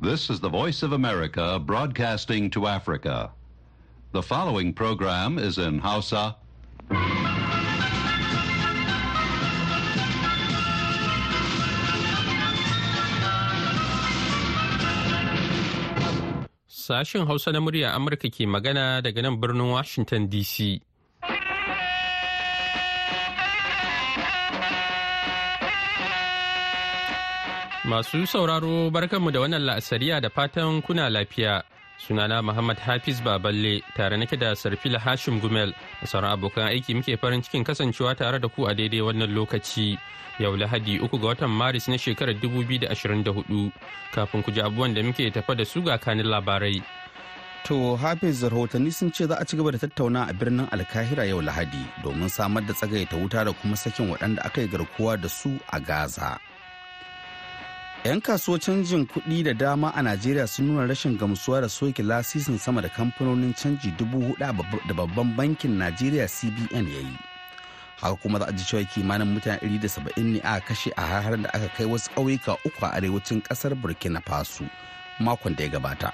This is the Voice of America broadcasting to Africa. The following program is in Hausa. Sashen Hausa na murya Amurka ke magana daga nan birnin Washington DC. Masu sauraro barkanmu da wannan la'asariya da fatan kuna lafiya. Sunana Muhammad Hafiz Baballe tare nake da Sarfil Hashim Gumel da sauran abokan aiki muke farin cikin kasancewa tare da ku a daidai wannan lokaci. Yau Lahadi uku ga watan Maris na shekarar 2024 kafin ku ji abubuwan da muke tafa da su ga kanin labarai. To Hafiz rahotanni sun ce za a ci gaba da tattauna a birnin Alkahira yau Lahadi domin samar da tsagaita wuta da kuma sakin waɗanda aka yi garkuwa da su a Gaza. 'Yan kasuwar canjin kuɗi da dama a Najeriya sun nuna rashin gamsuwa da soke lasisin sama da kamfanonin canji dubu hudu da babban bankin Najeriya CBN ya yi. Haka kuma za a ji cewa kimanin mutane iri da saba'in ne aka kashe a har da aka kai wasu ƙauyuka uku a arewacin ƙasar Burkina Faso makon da ya gabata.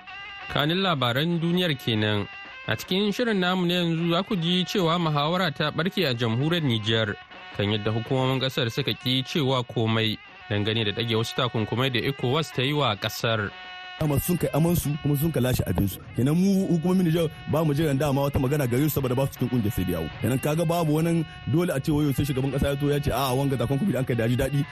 Kanin labaran duniyar kenan a cikin shirin namu na yanzu za ku ji cewa muhawara ta barke a jamhuriyar Nijar kan yadda hukumomin ƙasar suka ki cewa komai dangane da dage wasu takunkumai da ecowas ta yi wa kasar. amma sun kai amansu kuma sun lashe abinsu kenan mu hukumomin Nijar ba mu jiran dama wata magana gare su saboda ba su cikin kungiyar sai yawo kenan kaga babu wannan dole a ce wayo sai shugaban kasa ya to ya ce a wanga zakon kuɗi an kai daji dadi.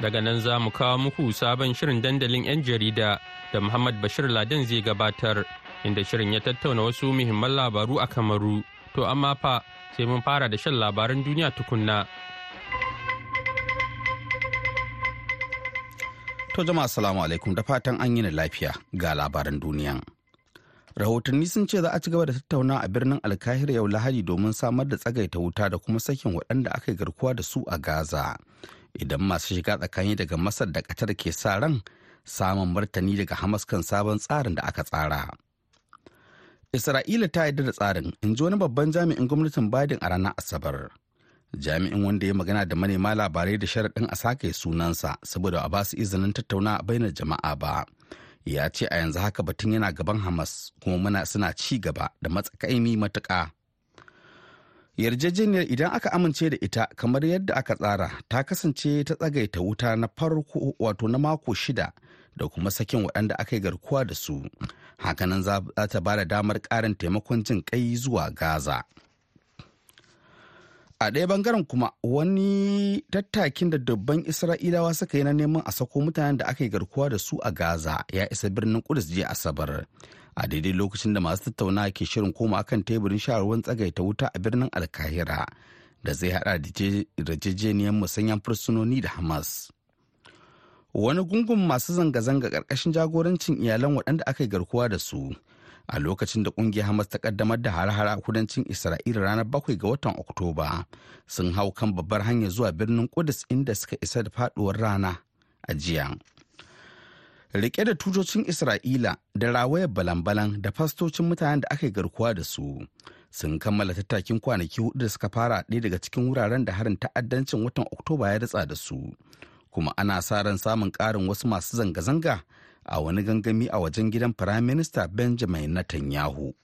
daga nan za mu kawo muku sabon shirin dandalin 'yan jarida da Muhammad Bashir ladan zai gabatar inda shirin ya tattauna wasu muhimman labaru a Kamaru to amma fa sai mun fara da shan labaran duniya tukunna To jama'a salamu alaikum da fatan an yi lafiya ga labaran duniya. Rahotanni sun ce za a ci gaba da tattauna a birnin Alkahira yau Lahadi domin samar da tsagaita wuta da kuma sakin waɗanda aka garkuwa da su a Gaza. Idan masu shiga tsakani daga Masar da Qatar ke sa ran samun martani daga Hamas kan sabon tsarin da aka tsara. Isra'ila ta yarda da tsarin, in ji wani babban jami'in gwamnatin Biden a ranar Asabar. jami'in wanda ya magana da manema labarai da sharaɗin a sake sunansa saboda a ba su izinin tattauna a bainar jama'a ba ya ce a yanzu haka batun yana gaban hamas kuma muna suna ci gaba da matsakaimi matuka. yarjejeniyar idan aka amince da ita kamar yadda aka tsara ta kasance ta tsagaita wuta na farko wato na mako shida da kuma sakin waɗanda aka yi garkuwa da su hakanan za ta ba da damar karin taimakon jin kai zuwa gaza. a ɗaya bangaren kuma wani tattakin da dubban isra'ilawa suka yi na neman a sako mutanen da aka yi garkuwa da su a gaza ya isa birnin kudus jiya asabar a daidai lokacin da masu tattauna ke shirin koma kan teburin shawarwar tsagaita wuta a birnin alkahira da zai hada da jejeniyar musanyen fursunoni da hamas wani gungun masu zanga-zanga ƙarƙashin jagorancin iyalan waɗanda aka yi garkuwa da su a lokacin da kungiyar hamas ta kaddamar da har a kudancin isra'ila ranar bakwai ga watan oktoba sun hau kan babbar hanya zuwa birnin kudus inda suka isa da faduwar rana a jiya rike da tutocin isra'ila da rawayar balan-balan da fastocin mutanen da aka yi garkuwa da su sun kammala tattakin kwanaki hudu da suka fara ɗaya daga cikin wuraren da harin ta'addancin watan oktoba ya ritsa da su kuma ana sa ran samun ƙarin wasu masu zanga-zanga a wani gangami a wajen gidan firaminista benjamin netanyahu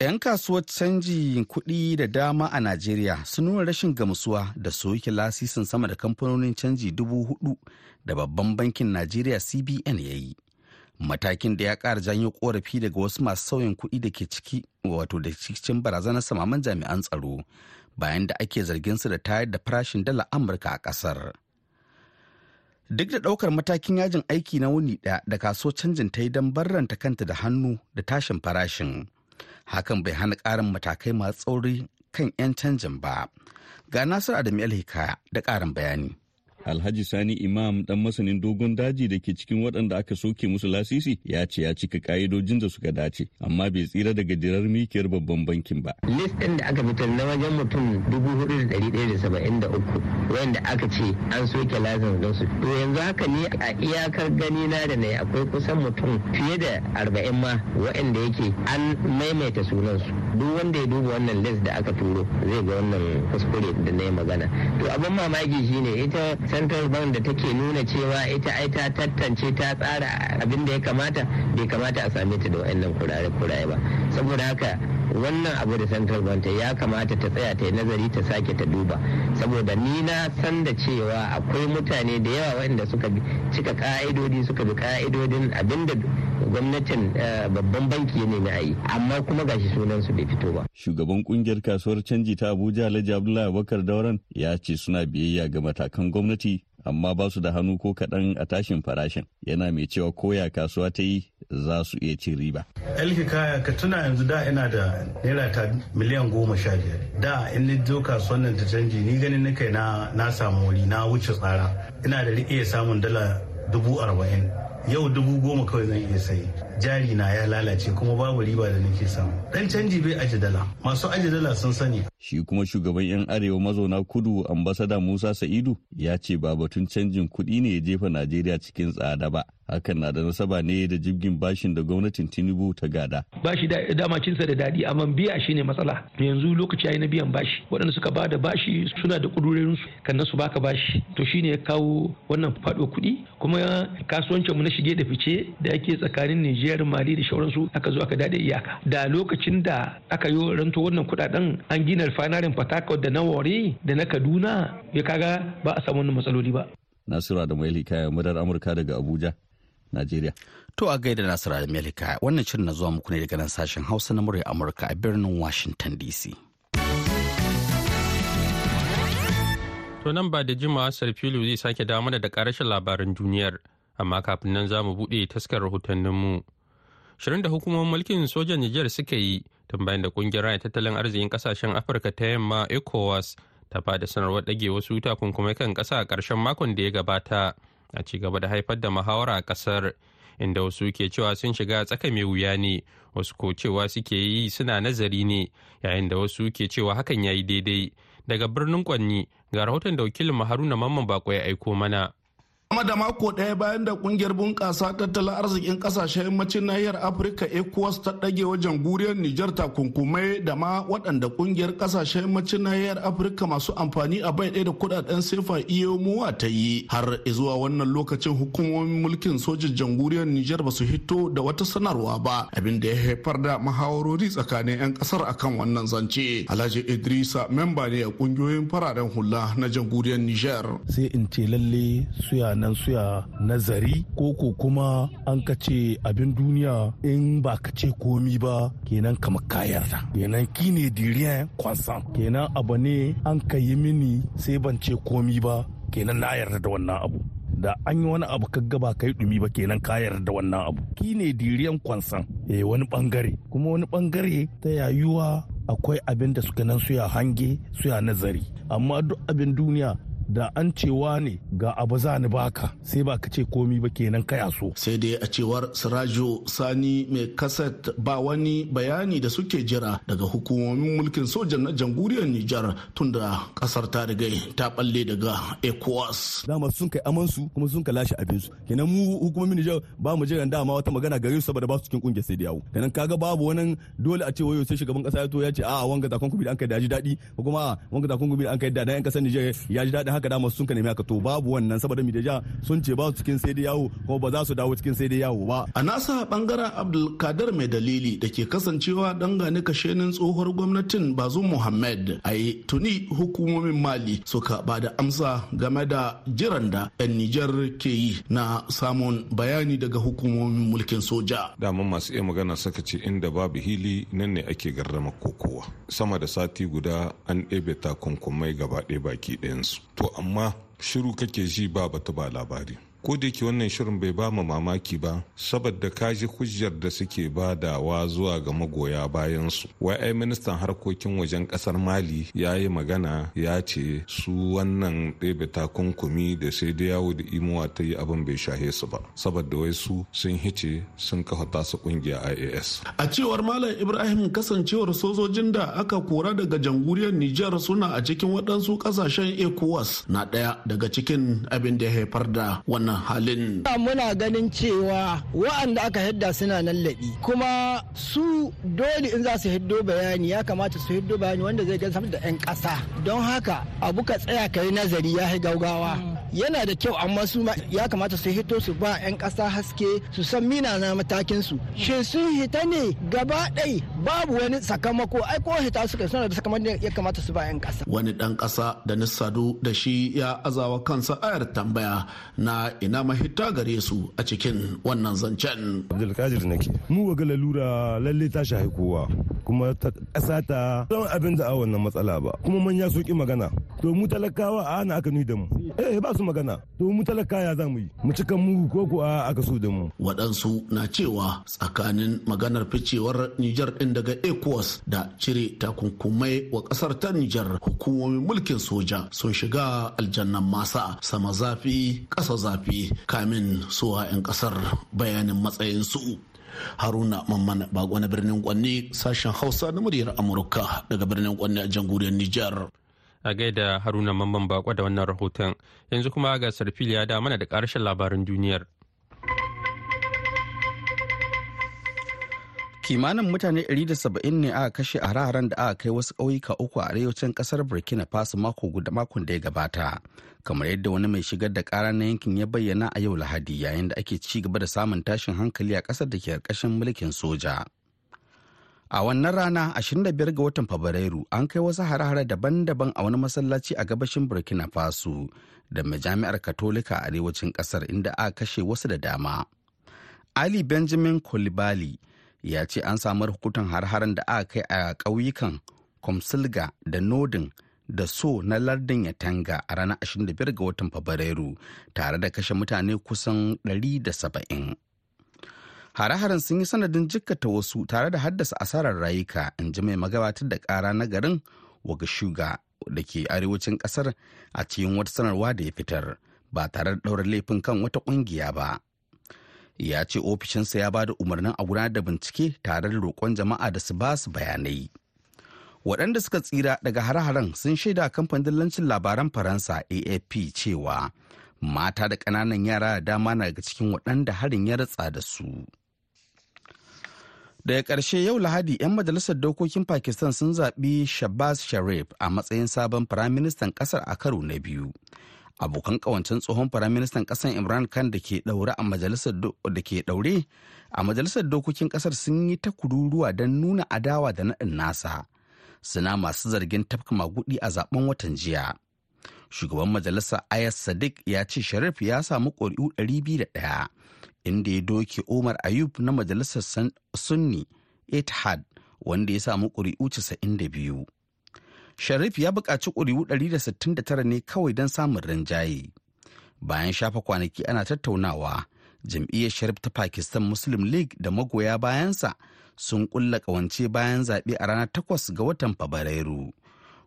'yan kasuwar canji kuɗi da dama a najeriya sun nuna rashin gamsuwa da soke lasisin sama da kamfanonin canji dubu hudu da babban bankin najeriya cbn ya yi matakin da ya ƙara janyo korafi daga wasu masu sauyin kuɗi da ke ciki wato da cikin barazanar samaman jami'an tsaro bayan da ake zargin su da tayar da farashin dala amurka a ƙasar. duk da ɗaukar matakin yajin aiki na wuni ɗaya da kaso canjin ta yi don barranta kanta da hannu da tashin farashin hakan bai hana ƙarin matakai masu tsauri kan 'yan canjin ba ga Nasiru adamu hikaya da ƙarin bayani Alhaji Sani Imam dan masanin dogon daji da ke cikin waɗanda aka soke musu lasisi ya ce ya cika ka'idojin da suka dace amma bai tsira daga jirar mikiyar babban bankin ba. List ɗin da aka fitar na wajen mutum dubu hudu ɗaya da saba'in wanda aka ce an soke lasin don su. To yanzu haka ne a iyakar gani na da na akwai kusan mutum fiye da arba'in ma waɗanda yake an maimaita sunansu. duk wanda ya duba wannan list da aka turo zai ga wannan kuskure da na yi magana to abin mamaki shine ita central bank da take nuna cewa ita ai ta tantance ta tsara abin da ya kamata bai kamata a same ta da wa'annan kurare-kurare ba saboda haka wannan abu da central bank ta ya kamata ta tsaya ta yi nazari ta sake ta duba saboda ni na san da cewa akwai mutane da yawa waɗanda suka cika ka'idodi suka bi ka'idodin da. gwamnatin eh, babban banki ne na ayi amma kuma gashi sunan su bai fito ba shugaban kungiyar kasuwar canji ta Abuja Alhaji Abdullahi Abubakar Dauran ya ce suna biyayya ga matakan gwamnati amma ba su da hannu ko kaɗan a tashin farashin yana mai cewa koya kasuwa ta yi za su iya cin riba. Elki kaya ka tuna yanzu da ina da naira ta miliyan goma sha biyar da in ni zo kasuwan nan ta canji ni ganin na kai na samu wuri na wuce tsara ina da riƙe samun dala dubu arba'in yau dubu goma kawai zan iya sayi jari na ya lalace kuma babu riba da nake samu dan canji bai ajidala dala masu ajidala dala sun sani shi kuma shugaban yan arewa mazauna kudu ambasada musa sa'idu ya ce ba batun canjin kudi ne ya jefa najeriya cikin tsada ba hakan na da nasaba ne da jirgin bashin da gwamnatin tinubu ta gada bashi da dama cinsa da dadi amma biya shine matsala yanzu lokaci yayi na biyan bashi waɗanda suka ba da bashi suna da kudurorin su kan su baka bashi to shine ya kawo wannan fado kuɗi kuma kasuwancin mu na shige da fice da ake tsakanin Nijar Mali da shauransu aka zo aka dade iyaka da lokacin da aka yi ranto wannan kuɗaɗen an gina refinery fataka da na Wari da na Kaduna ya kaga ba a samu wannan matsaloli ba Nasiru Adamu Eli kayan madar Amurka daga Abuja Najeriya. To a gaida Nasir Amerika wannan shirin na zuwa muku ne daga nan sashen Hausa na murya Amurka a birnin Washington DC. To nan ba da jimawa Sarfilu zai sake damu da karashin labaran duniyar, amma kafin nan za mu buɗe taskar mu. Shirin da hukumomin mulkin sojan Nijar suka yi tun da kungiyar raya tattalin arzikin kasashen Afirka ta yamma ECOWAS ta fada sanarwar ɗage wasu takunkumai kan ƙasa a ƙarshen makon da ya gabata. a ci gaba da haifar da muhawara a kasar inda wasu ke cewa sun shiga tsaka mai wuya ne wasu ko cewa suke yi suna nazari ne yayin da wasu ke cewa hakan ya yi daidai daga birnin kwanni ga rahoton da wakilin haruna mamman bako ya aiko mana Kama da mako ɗaya bayan da kungiyar bunƙasa tattalin arzikin ƙasashen yammacin nahiyar Afirka ECOWAS ta ɗage wajen guriyar Nijar takunkumai da ma waɗanda kungiyar ƙasashen yammacin nahiyar Afirka masu amfani a bai ɗaya da kuɗaɗen sefa e muwa ta yi har zuwa wannan lokacin hukumomin mulkin sojin jamhuriyar Nijar ba su hito da wata sanarwa ba abin da ya haifar da mahawarori tsakanin 'yan ƙasar akan wannan zance. Alhaji Idrisa memba ne a kungiyoyin fararen hula na jamhuriyar Nijar. Sai in ce lalle suya nan suya nazari ko ko kuma an kace abin duniya in ba ka ce komi ba kenan kama kayar da kenan ki ne kwansan kenan abu ne an ka yi mini sai ban ce komi ba kenan na yarda da wannan abu da an yi wani abu kaga ba kai dumi ba kenan ka yarda da wannan abu ki ne diriyan kwansan eh wani bangare kuma wani bangare ta yayuwa akwai abin da suka nan suya hange suya nazari amma duk abin duniya da an cewa ne ga abu za ni baka sai ba ka ce komi ba kenan kaya so sai dai a cewar sirajo sani mai kaset ba wani bayani da suke jira daga hukumomin mulkin sojan na jamhuriyar nijar tunda kasar ta riga ta balle daga ecowas dama sun kai amansu kuma sun lashe abinsu kenan mu hukumomin nijar ba mu jiran dama wata magana gare su saboda ba su cikin kungiyar sai da yawo kenan kaga babu wani dole a ce wayo sai shugaban kasa ya to ya ce a wanga takunkumi da an kai da ji daɗi ko kuma wanga takunkumi da an kai da an kasar nijar ya ji daɗi haka dama sun ka nemi haka to babu wannan saboda mi da sun ce ba su cikin sai dai yawo ko ba za su dawo cikin sai dai yawo ba a nasa bangaren abdulkadir mai dalili da ke kasancewa dan dangane kashenin tsohuwar gwamnatin bazu muhammad a tuni hukumomin mali suka ba da amsa game da jiran da 'yan nijar ke yi na samun bayani daga hukumomin mulkin soja dama masu iya magana saka ce inda babu hili nan ne ake garrama kokowa sama da sati guda an ɗebe takunkumai gaba ɗaya baki ɗayansu to to amma shiru kake ji ba batu ba labari ko da yake wannan shirin bai ba mu mamaki ba saboda kaji hujjar da suke badawa zuwa ga magoya bayan su wai ministan harkokin wajen kasar mali ya yi magana ya ce su wannan ɗebe takunkumi da sai da yawo da imuwa ta yi abin bai shahe su ba saboda wai su sun hice sun kafa tasa kungiya ias a cewar malam ibrahim kasancewar sojojin da aka kora daga jamhuriyar nijar suna a cikin waɗansu ƙasashen ecowas na ɗaya daga cikin abin da ya haifar da wannan halin muna ganin cewa wa'anda aka hidda suna nan laɓi kuma su dole in za su hiddo bayani ya kamata su hiddo bayani wanda zai gansa da 'yan ƙasa don haka abu ka tsaya ka nazari ya gaugawa yana da kyau amma su ya kamata su hito su ba 'yan ƙasa haske su san mina na matakin su shin sun hita ne gaba ɗai babu wani sakamako ai ko hita suka suna da sakamakon ya kamata su ba 'yan ƙasa wani ɗan ƙasa da na sadu da shi ya azawa kansa ayar tambaya na ina mahita gare su a cikin wannan zancen abdulkadir nake mu ga lalura lalle ta shahi kowa kuma ta ƙasa ta zama abin da a wannan matsala ba kuma manya soki ƙi magana to mu talakawa a ana aka nui da mu eh ba su magana to mu talaka ya zamu yi mu cika mu ko ku a aka su da mu waɗansu na cewa tsakanin maganar ficewar niger din daga ECOWAS da cire takunkumai wa ƙasar ta Nijar hukumomin mulkin soja sun shiga aljannan masa sama zafi ƙasa zafi kamin suwa 'yan ƙasar bayanin matsayin su haruna mamman bagwana na birnin kwanne sashen hausa na muryar amurka daga birnin kwanne a jamhuriyar nijar a gaida haruna mamman bako da wannan rahoton yanzu kuma ga sarfil ya da mana da karshen labarin duniyar kimanin mutane 170 ne aka kashe a raharan da aka kai wasu ƙauyuka uku a arewacin ƙasar burkina faso mako guda makon da ya gabata kamar yadda wani mai shigar da ƙara na yankin ya bayyana a yau lahadi yayin da ake ci gaba da samun tashin hankali a ƙasar da ke ƙarƙashin mulkin soja A wannan rana 25 ga watan Fabrairu an kai wasu harahara daban-daban a wani masallaci a gabashin Burkina Faso da majami'ar Katolika a arewacin kasar inda aka kashe wasu da dama. Ali Benjamin Kolibali ya ce an samu hukutan har da aka kai a ƙauyukan Komsilga da Nodin da So na lardin Yatanga a ranar 25 ga watan Fabrairu tare da kashe mutane kusan 170. hare-haren sun yi sanadin jikkata wasu tare da haddasa asarar rayuka in ji mai magabatar da kara na garin wagashuga da ke arewacin ƙasar a cikin wata sanarwa da ya fitar ba tare da ɗaurar laifin kan wata ƙungiya ba ya ce ofishinsa ya ba da umarnin a gudanar da bincike tare da roƙon jama'a da su ba su bayanai waɗanda suka tsira daga hare-haren sun shaida a kamfanin dillancin labaran faransa afp cewa mata da ƙananan yara da dama na daga cikin waɗanda harin ya ratsa da su. daga ƙarshe yau lahadi 'yan majalisar dokokin pakistan sun zaɓi shabazz sharif a matsayin sabon firaministan ƙasar a karo na biyu abokan ƙawancin tsohon firaministan ƙasar imran khan da ke ɗaure a majalisar dokokin ƙasar sun yi ta kururuwa don nuna adawa da naɗin nasa suna masu zargin tafka maguɗi a zaben watan jiya shugaban majalisar ayas sadiq ya ce sharif ya samu ƙuri'u ɗaya. inda ya doke Umar Ayub na majalisar Sunni Etihad wanda ya samu ƙuri'u 92. Sharif ya buƙaci ƙuri'u 169 ne kawai don samun rinjaye. Bayan shafa kwanaki ana tattaunawa, jam'iyyar Sharif ta Pakistan Muslim League da magoya bayansa sun ƙulla ƙawance bayan zaɓe a ranar 8 ga watan Fabrairu.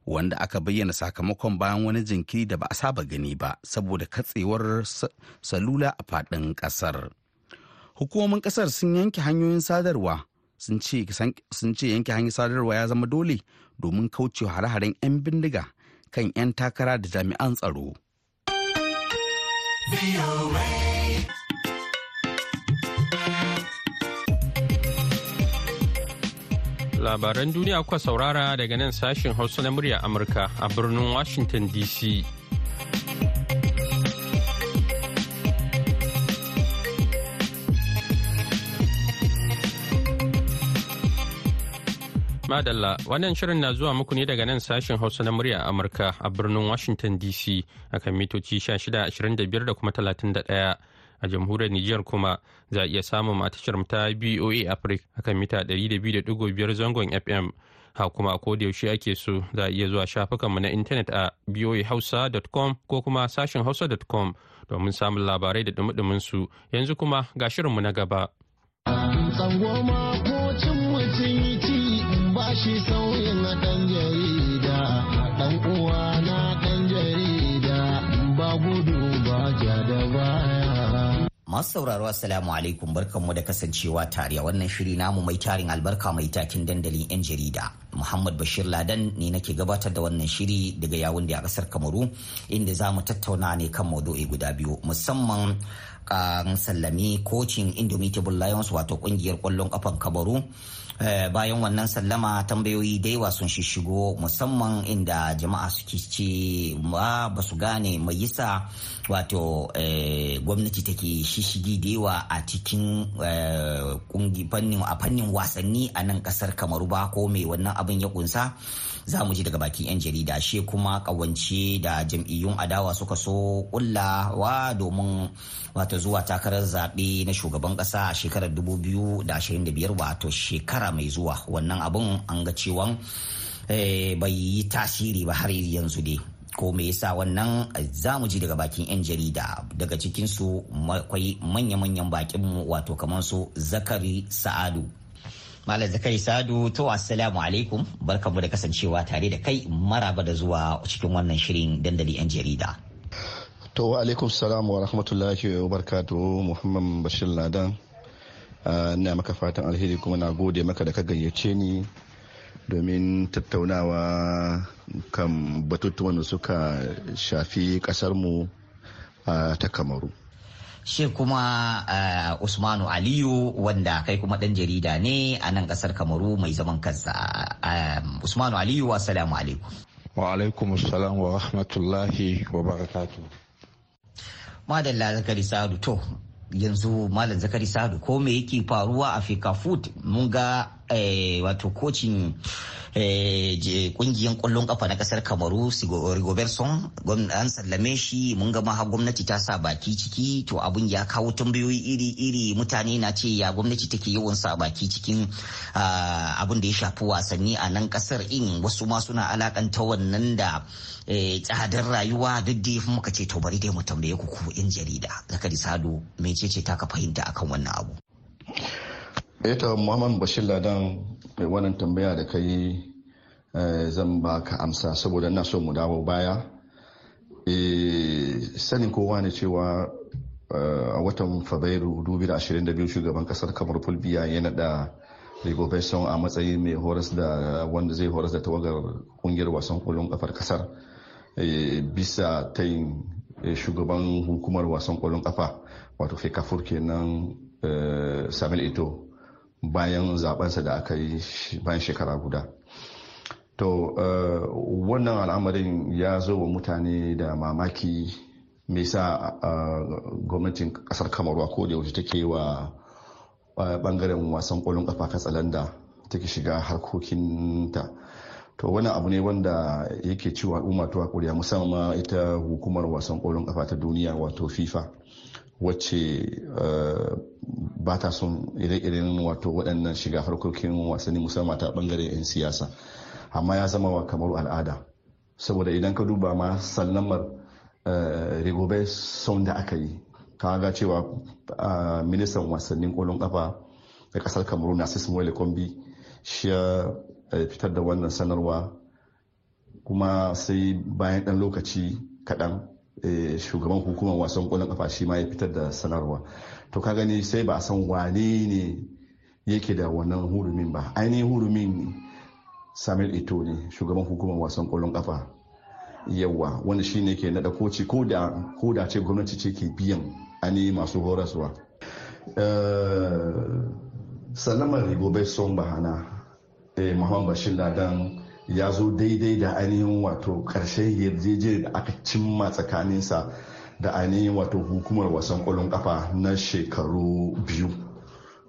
wanda aka bayyana sakamakon bayan wani jinkiri da ba a saba gani ba saboda katsewar salula a faɗin ƙasar hukumomin ƙasar sun yanke hanyoyin sadarwa sun ce yanke hanyoyin sadarwa ya zama dole domin kaucewa hare-haren 'yan bindiga kan 'yan takara da jami'an tsaro. Labaran duniya kuka saurara daga nan sashen Hausa na murya Amurka a birnin Washington DC. Madalla, wannan shirin na zuwa muku ne daga nan sashen Hausa na murya Amurka a birnin Washington DC akan mitoci 1625 da kuma 31. a jamhuriyar Nijar kuma za a iya samun matashar ta BOA Africa akan mita 200.5 zangon FM. Ha kuma a yaushe ake so za a iya zuwa shafukanmu na intanet a boahausa.com ko kuma sashen hausa.com domin samun labarai da dumudumin su yanzu kuma ga shirinmu na gaba. Tsangoma ko cin mutum ba shi sau Masu sauraro Assalamu alaikum barkanmu da kasancewa tare a wannan shiri namu mai tarin albarka mai takin dandalin 'yan jarida. Muhammad Bashir Ladan ne nake gabatar da wannan shiri daga yawun da a kasar Kamaru inda za mu tattauna ne kan maudu'i guda biyu musamman kan ah, sallami kocin Indomitable Lions wato kungiyar kwallon kafan Kamaru. Eh, bayan wannan sallama tambayoyi da yawa sun shishigo musamman inda jama'a suke ce ba su gane mai yisa wato eh, gwamnati take shishigi da yawa a cikin eh, fannin fannin wasanni a nan kasar kamaru ba ko mai wannan abin ya kunsa za mu ji daga bakin 'yan jarida she kuma kawance da jam'iyyun adawa suka so kullawa domin wato zuwa takarar zaɓe na shugaban ƙasa a shekarar 2025 wato shekara mai zuwa wannan abin an ga cewan eh, bai yi tasiri ba har yanzu dai ko me yasa wannan eh, za mu ji daga bakin 'yan jarida daga cikinsu akwai manya-manyan bakinmu wato kamar su zakari sa'adu malam zakari sa'adu to assalamu alaikum barkamu da kasancewa tare da kai maraba da zuwa cikin wannan shirin dandali 'yan jarida to alaikum salam wa rahmatullahi wa barakatuhu muhammad bashir ladan ah, ina maka fatan alheri kuma na gode maka da ka gayyace ni domin tattaunawa kan batutuwan da suka shafi kasarmu ta kamaru shi kuma uh, usmanu aliyu wanda kai kuma dan jarida ne a nan kasar kamaru mai zaman kansa Uh, usmanu aliyu assalamu alaikum wa alaikum assalam wa rahmatullahi wa barakatu madalla zakari sadu to yanzu malam zakari sadu ko me yake faruwa a fika food mun ga Eh, wato kocin eh, kungiyan kwallon kafa na kasar kamaru rigobertson an sallame shi mun gama ha gwamnati ta sa baki ciki to abun ya kawo tambayoyi iri-iri mutane na ce ya gwamnati take yawan sa baki cikin ah, abun da ya shafi wasanni a nan kasar in wasu ma suna alakanta wannan da eh, tsadar rayuwa duk da muka ce to bari dai mu tambaye ku ku yan jarida zakari sado mecece ta ka fahimta akan wannan abu Eto Muhammad Bashir Ladan mai wannan tambaya da ka yi eh, zan ba ka amsa saboda ina so mu dawo baya. Eh, sanin kowa ne cewa eh, a watan Fabairu 2022 shugaban kasar kamar Fulbiya ya naɗa Rigobeson a matsayin mai horas da wanda zai horas da tawagar kungiyar wasan kwallon kafar kasar bisa ta yin shugaban hukumar wasan kwallon kafa wato fekafur kenan Samuel Ito bayan zabensa da aka yi bayan shekara guda to eh, wannan al'amarin ya zo wa mutane da mamaki me sa eh, gwamnatin kasar kamarwa ko da yaushe take wa bangaren eh, wasan kwallon kafa katsalanda take shiga harkokinta to wani abu ne wanda yake ciwo al'umma ta kuriya musamman ita hukumar wasan kwallon kafa ta duniya wato fifa wacce eh, ba ta son ire-iren wato waɗannan shiga harkokin wasanni musamman ta bangare 'yan siyasa amma ya zama wa kamaru al'ada saboda idan ka duba ma sallamar eh, rigobe son da aka yi ga cewa ah, ministan wasannin ƙwallon ƙafa na ƙasar kamaru na sismoyle kombi shi ya eh, fitar da wannan sanarwa kuma sai bayan ɗan lokaci kaɗan Eh, shugaban hukumar wasan kwallon kafa shi ma ya fitar da sanarwa to ka gani sai ba a san wane ne yake da wannan hurumin ba ainihin hurumin Samir ito ne shugaban hukumar wasan kwallon kafa yawa wanda shi ne ke nada koci ko da ce gwamnati ce ke biyan ani masu horaswa eh, salamar gobe son bahana eh, muhammad bashir ladan ya zo daidai da ainihin wato karshen yarjejeniyar da aka cimma tsakaninsa da ainihin wato hukumar wasan kwallon kafa na shekaru biyu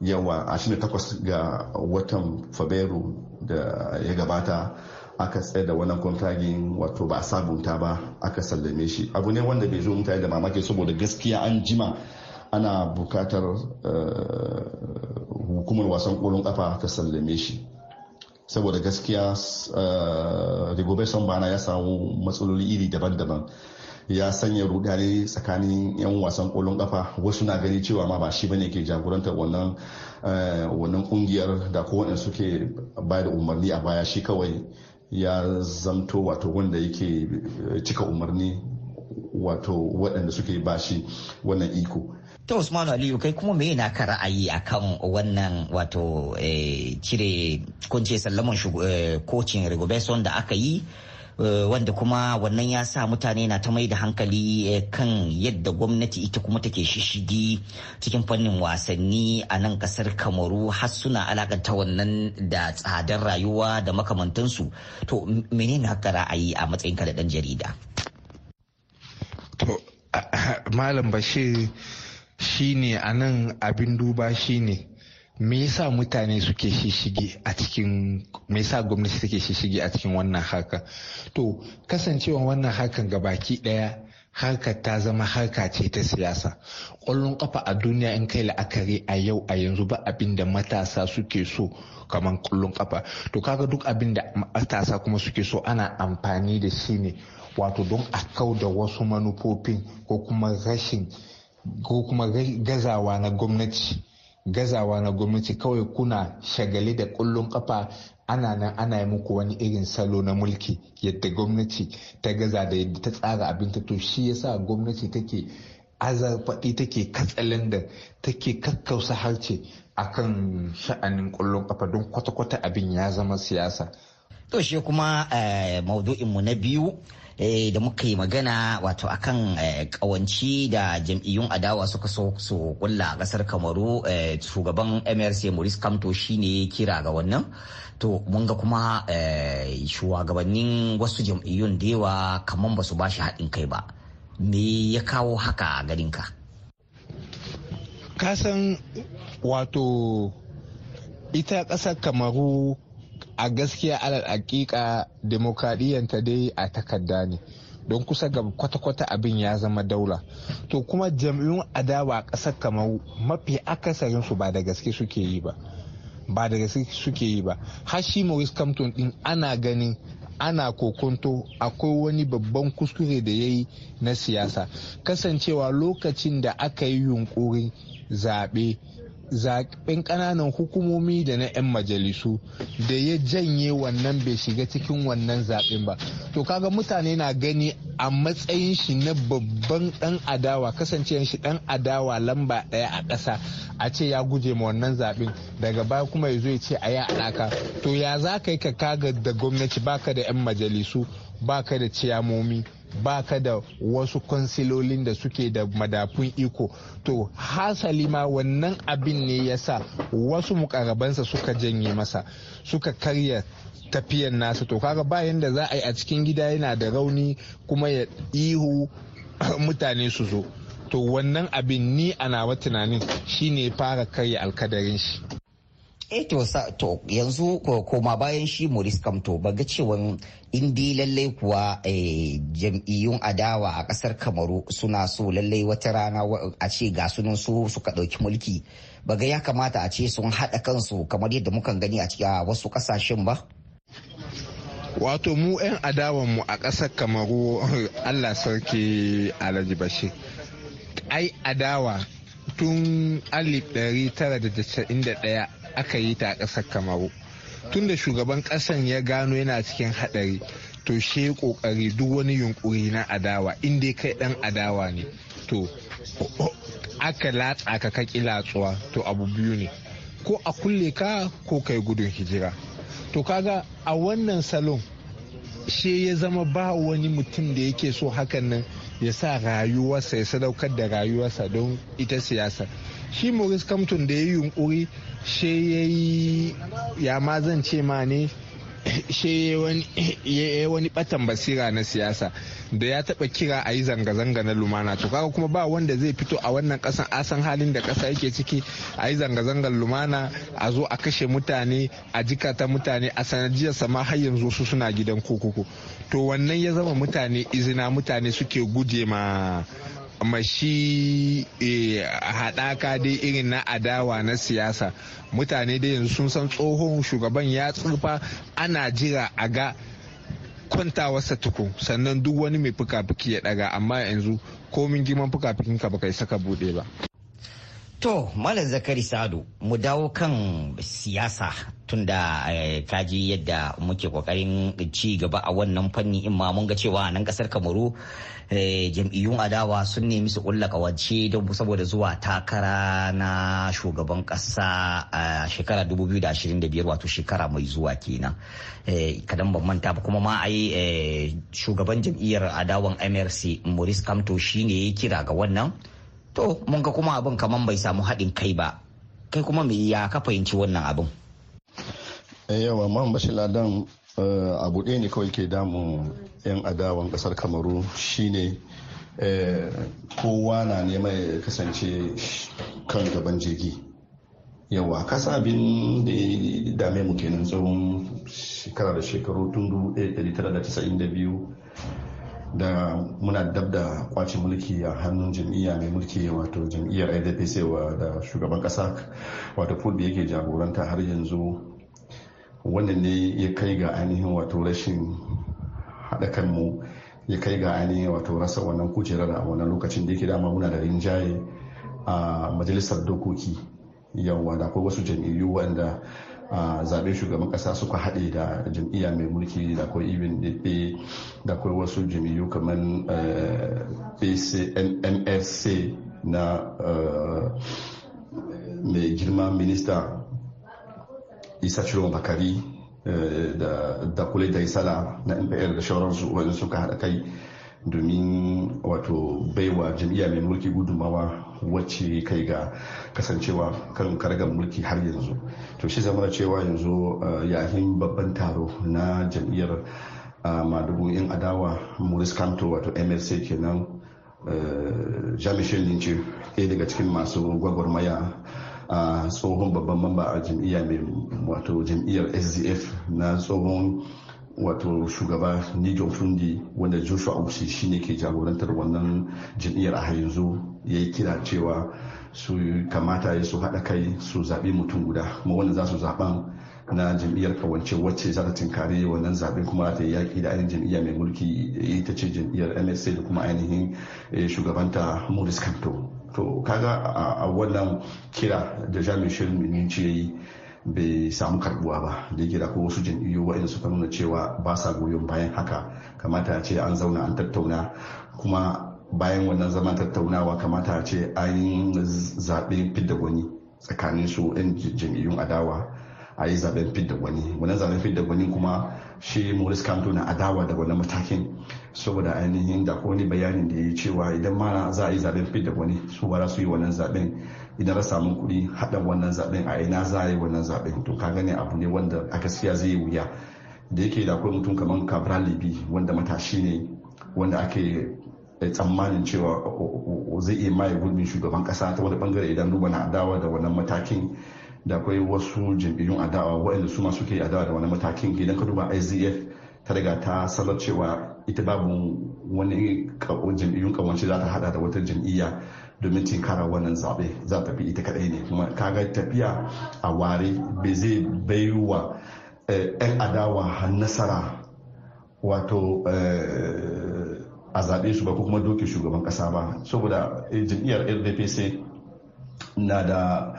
yawa 28 ga watan fabrairu da ya gabata aka tsaye da wannan kwantagin wato ba a sabunta ba aka sallame shi abu ne wanda bai zo mutane da mamaki saboda gaskiya an jima ana bukatar eh, hukumar wasan kolon kafa ta sallame shi saboda gaskiya eh, rigobert bana ya samu matsaloli iri daban-daban ya sanya rudani tsakanin 'yan wasan kolon kafa wasu na gani cewa ma ba shi bane ke jagorantar wannan eh, wannan kungiyar da kowane suke bayar da umarni a baya shi kawai ya zamto wato wanda yake cika umarni wato waɗanda suke bashi wannan iko ta Usmanu Aliyu kai kuma me yana ka ra'ayi akan wannan wato eh, cire kunce sallaman eh, kocin rigobeson da aka yi eh, wanda kuma wannan ya sa mutane na ta maida hankali kan yadda gwamnati ita kuma take shishigi cikin fannin wasanni a nan kasar kamaru har suna alakanta wannan da tsadar rayuwa da makamantansu to menene haka ra'ayi a matsayinka da dan jarida malam bashir shine a nan abin duba shine me yasa mutane suke shishige a cikin me yasa gwamnati take shishige a cikin wannan haka to kasancewa wannan hakan ga baki daya harkar ta zama harka ce ta siyasa ƙwallon ƙafa a duniya in kai la'akari a yau a yanzu ba abin da matasa suke so kamar ƙwallon ƙafa to kaga duk abin da matasa kuma suke so ana amfani da shi ne wato don a kau da wasu manufofin ko kuma rashin ko kuma gazawa na gwamnati gazawa na gwamnati kawai kuna shagali da kullun kafa ana nan ana yi muku wani irin salo na mulki yadda gwamnati ta gaza da yadda ta tsara abinta to shi yasa gwamnati take azarfaɗi take katsalin da take kakkausa harce a kan sha'anin kullun kafa don kwata-kwata abin ya zama siyasa to shi kuma eh, mu na biyu Eh, da muka yi magana wato akan kawanci eh, da jam'iyyun adawa suka so su kulla kasar kamaru eh, shugaban mrc maurice kamto shine kira ga wannan to mun ga kuma shugabannin wasu jam'iyyun da yawa kamar ba su ba shi haɗin kai ba me ya kawo haka a garinka kasan wato ita ƙasar kamaru a gaskiya alal hakika ta dai a takarda ne don kusa ga kwata-kwata abin ya zama daula to kuma jam'iyyun adawa a ƙasar kamaru mafi akasarin su ba da gaske suke yi ba ba da gaske suke yi ba har shi maurice compton din ana gani ana kokonto akwai wani babban kuskure da ya yi na siyasa kasancewa lokacin da aka yi yunkurin zaɓe zaɓen ƙananan hukumomi da na 'yan majalisu da ya janye wannan bai shiga cikin wannan zaɓen ba to kaga mutane na gani a matsayin shi na babban ɗan adawa kasancewar shi ɗan adawa lamba ɗaya a ƙasa a ce ya guje ma wannan zaɓen daga baya kuma ya zo ya ce a yi alaƙa to ya za ka yi ka kaga da gwamnati baka da 'yan majalisu baka da ciyamomi baka da wasu kwansilolin da suke da madafun iko to hasali ma wannan abin ne ya sa wasu mukarabansa suka janye masa suka karya tafiyan nasa to kaga bayan da za a yi a cikin gida yana da rauni kuma ya ihu mutane su zo to wannan abin ni ana wa tunanin shine fara karya alkadarin shi eh to to yanzu ko koma bayan shi Moris Kamto ba ga cewa indi lallai kuwa eh, jam'iyyun adawa a kasar Kamaru suna so lallai wata rana a ce ga sunan su suka dauki mulki ba ya kamata a ce sun haɗa kansu kamar yadda mukan gani a cikin wasu kasashen ba wato mu 'yan mu a ƙasar kamaru allah sarki alhaji bashir ai adawa tun 1991 aka yi ta a ƙasar kamaru tun da shugaban ƙasan ya gano yana cikin haɗari to she ƙoƙari duk wani yunƙuri na adawa inda ya kai ɗan adawa ne to aka latsa ka kaki latsuwa to abu biyu ne ko a kulle ka ko kai gudun hijira to kaga a wannan salon she ya zama ba wani mutum da yake so hakan nan ya sa rayuwarsa ya sadaukar da rayuwarsa don ita siyasa shi maurice kamton da ya yi yunkuri she ya yi ma zan ce ma ne she ya wani batan basira na siyasa da ya taba kira a yi zanga-zanga na lumana to kaga kuma ba wanda zai fito a wannan kasan asan halin da kasa yake ciki a yi zanga-zangar lumana a zo a kashe mutane a jikata mutane a sanadiyar sama har yanzu su suna gidan kokoko. to wannan ya zama mutane izina mutane suke guje ma mashi e, haɗaka dai irin na adawa na siyasa mutane dai yanzu sun san tsohon shugaban ya tsufa ana jira a ga kwantawarsa tukun sannan duk wani mai fuka-fuki ya daga amma yanzu komin girman fuka-fukin ka baka isa ka bude ba To, Malam Zakari Sadu, mu dawo kan siyasa tunda eh, kaji yadda muke kokarin ci gaba a wannan fanni in ma mun ga cewa nan kasar Kamaru eh, jam'iyyun adawa sun nemi su kulla kawance don saboda zuwa takara na shugaban kasa a shekara 2025 wato shekara mai zuwa kenan. Eh, kadan ban manta ba kuma ma ai shugaban jam'iyyar adawan MRC Maurice Kamto shine ya kira ga wannan. to mun ga kuma abin kamar bai samu haɗin kai ba kai kuma me ya ka fahimci wannan abin eh, yawa man bashi ladan eh, abu ɗaya ne kawai ke damun 'yan adawan ƙasar kamaru shine eh, kowa na neman ya kasance kan gaban jirgi yawa kasa abin da ya dame mu kenan tsawon shekara da shekaru tun 1992 da muna dab da kwace mulki a hannun jam'iyya mai mulki wato jam'iyyar idpc da shugaban kasa wato pul da yake jagoranta har yanzu wannan ne ya kai ga ainihin wato rashin haɗa kanmu ya kai ga ainihin wato rasa wannan kujerar a wannan lokacin da yake dama muna da rinjaye a majalisar dokoki yawa da akwai wasu jam'iyyu wanda A zaɓen shugaban ƙasa suka haɗe da jam'iyya mai mulki da ibin ibn da akwai wasu jam'iyyu kamar nfc eh, na eh, mai girma minista isa ciro bakari eh, da kule da isala na npr da shauransu wajen suka haɗa kai domin wato baiwa jam'iyya mai mulki gudumawa wacce kai ga kasancewa kan kargar mulki har yanzu to shi zama da cewa yanzu uh, yayin babban taro na jam'iyyar uh, madubu in adawa maurice Kanto wato mlc kenan uh, jamishin lince ɗaya daga cikin masu gwagwarmaya a tsohon babban mamba a wato jam'iyyar sdf na tsohon wato shugaba nijon fundi wanda joshua ausi shine ke jagorantar wannan jam'iyyar a yanzu ya yi kira cewa su kamata ya su haɗa kai su zaɓi mutum guda kuma wanda za su zaɓan na jam'iyyar kawance wacce za ta tinkare wannan zaɓe kuma za ta yi yaƙi da ainihin jam'iyya mai mulki ita ce jam'iyyar msa da kuma ainihin eh, shugabanta morris kanto to kaga a wannan kira da jami'in shirin ce ya yi bai samu karbuwa ba da yake da wasu jam'iyyu wa'in suka nuna cewa ba sa goyon bayan haka kamata a ce an zauna an tattauna kuma bayan wannan zaman tattaunawa kamata a ce an zaɓe fidda gwani tsakanin su 'yan jam'iyyun adawa a yi zaben fidda gwani wani zaben fidda gwani kuma shi maurice kanto na adawa da wannan matakin saboda ainihin da wani bayanin da ya yi cewa idan ma za a yi zaben fidda gwani su ba za su yi wannan zaben idan ra samu kuɗi haɗa wannan zaben a ina za a yi wannan zaben to ka gani abu ne wanda a gaskiya zai yi wuya da yake da akwai mutum kamar cabral libi wanda matashi ne wanda ake eh, tsammanin cewa zai iya maye gurbin shugaban kasa ta wani bangare idan duba na adawa da wannan matakin da akwai wasu jam'iyyun adawa waɗanda su ma suke adawa da wani matakin gidan ka duba IZF ta daga ta sanar cewa ita babu wani jam'iyyun kawance za ta hada da wata jam'iyya domin tinkara wannan zaɓe za ta fi ita kaɗai ne kuma kaga tafiya a ware bai zai baiwa 'yan eh, adawa nasara wato eh, a zaɓe su ba ko kuma doke shugaban ƙasa ba saboda eh, jam'iyyar rdpc na da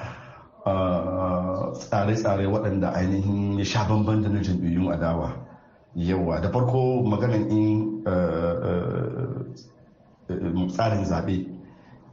Ah, tsare-tsare waɗanda ainihin ya sha bamban da na jam'iyyun adawa yawa da farko maganin in eh, eh, eh, tsarin zaɓe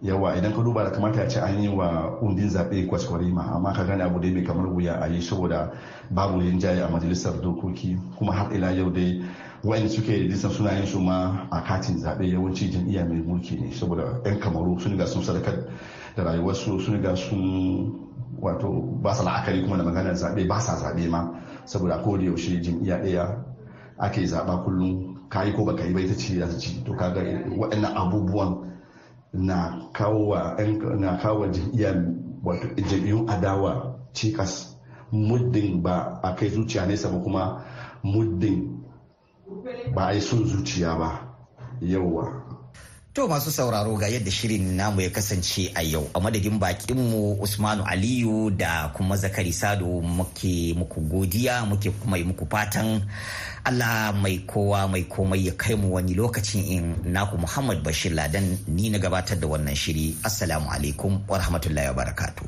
yawa idan ka duba da kamata ya ce an yi wa kundin zaɓe kwaskwarima amma ka gane abu dai mai kamar wuya a yi saboda babu yin a majalisar dokoki kuma har ila yau dai wa'in suke rijistar suna yin su ma a katin zaɓe yawanci jam'iyya mai mulki ne saboda 'yan kamaru sun ga sun sadakar da rayuwarsu sun ga sun wato ba su la'akari kuma da maganar zaɓe ba sa zaɓe ma saboda ko da yaushe jam'iyya ɗaya ake zaɓa kullum ka yi ko baka yi ba ita ce za ci to kaga waɗannan abubuwan na kawo na kawo jam'iyyar wato jam'iyyun adawa cikas muddin ba a kai zuciya nesa ba kuma muddin ba a yi son zuciya ba yauwa To masu sauraro ga yadda shirin namu ya kasance a yau a madadin bakinmu Usmanu Aliyu da kuma Zakari Sado muke muku godiya muke kuma yi muku fatan Allah mai kowa mai komai ya kai mu wani lokacin in naku Muhammad Bashir Ladan ni na gabatar da wannan shiri Assalamu alaikum wa rahmatullahi wa barakatu.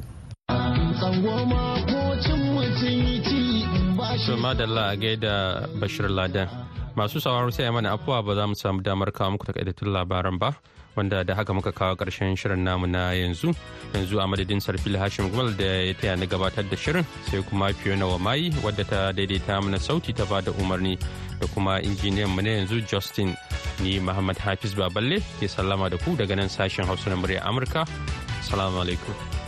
Sama da Allah gaida Bashir Ladan. masu sauraron sai mana afuwa ba za mu samu damar kawo muku takaitattun labaran ba wanda da haka muka kawo karshen shirin namu na yanzu yanzu a madadin sarfil hashim gwal da ya taya na gabatar da shirin sai kuma fiona wa mayi wadda ta daidaita mana sauti ta bada umarni da kuma injiniyan mu na yanzu justin ni muhammad hafiz baballe ke sallama da ku daga nan sashen hausa na murya amurka salamu alaikum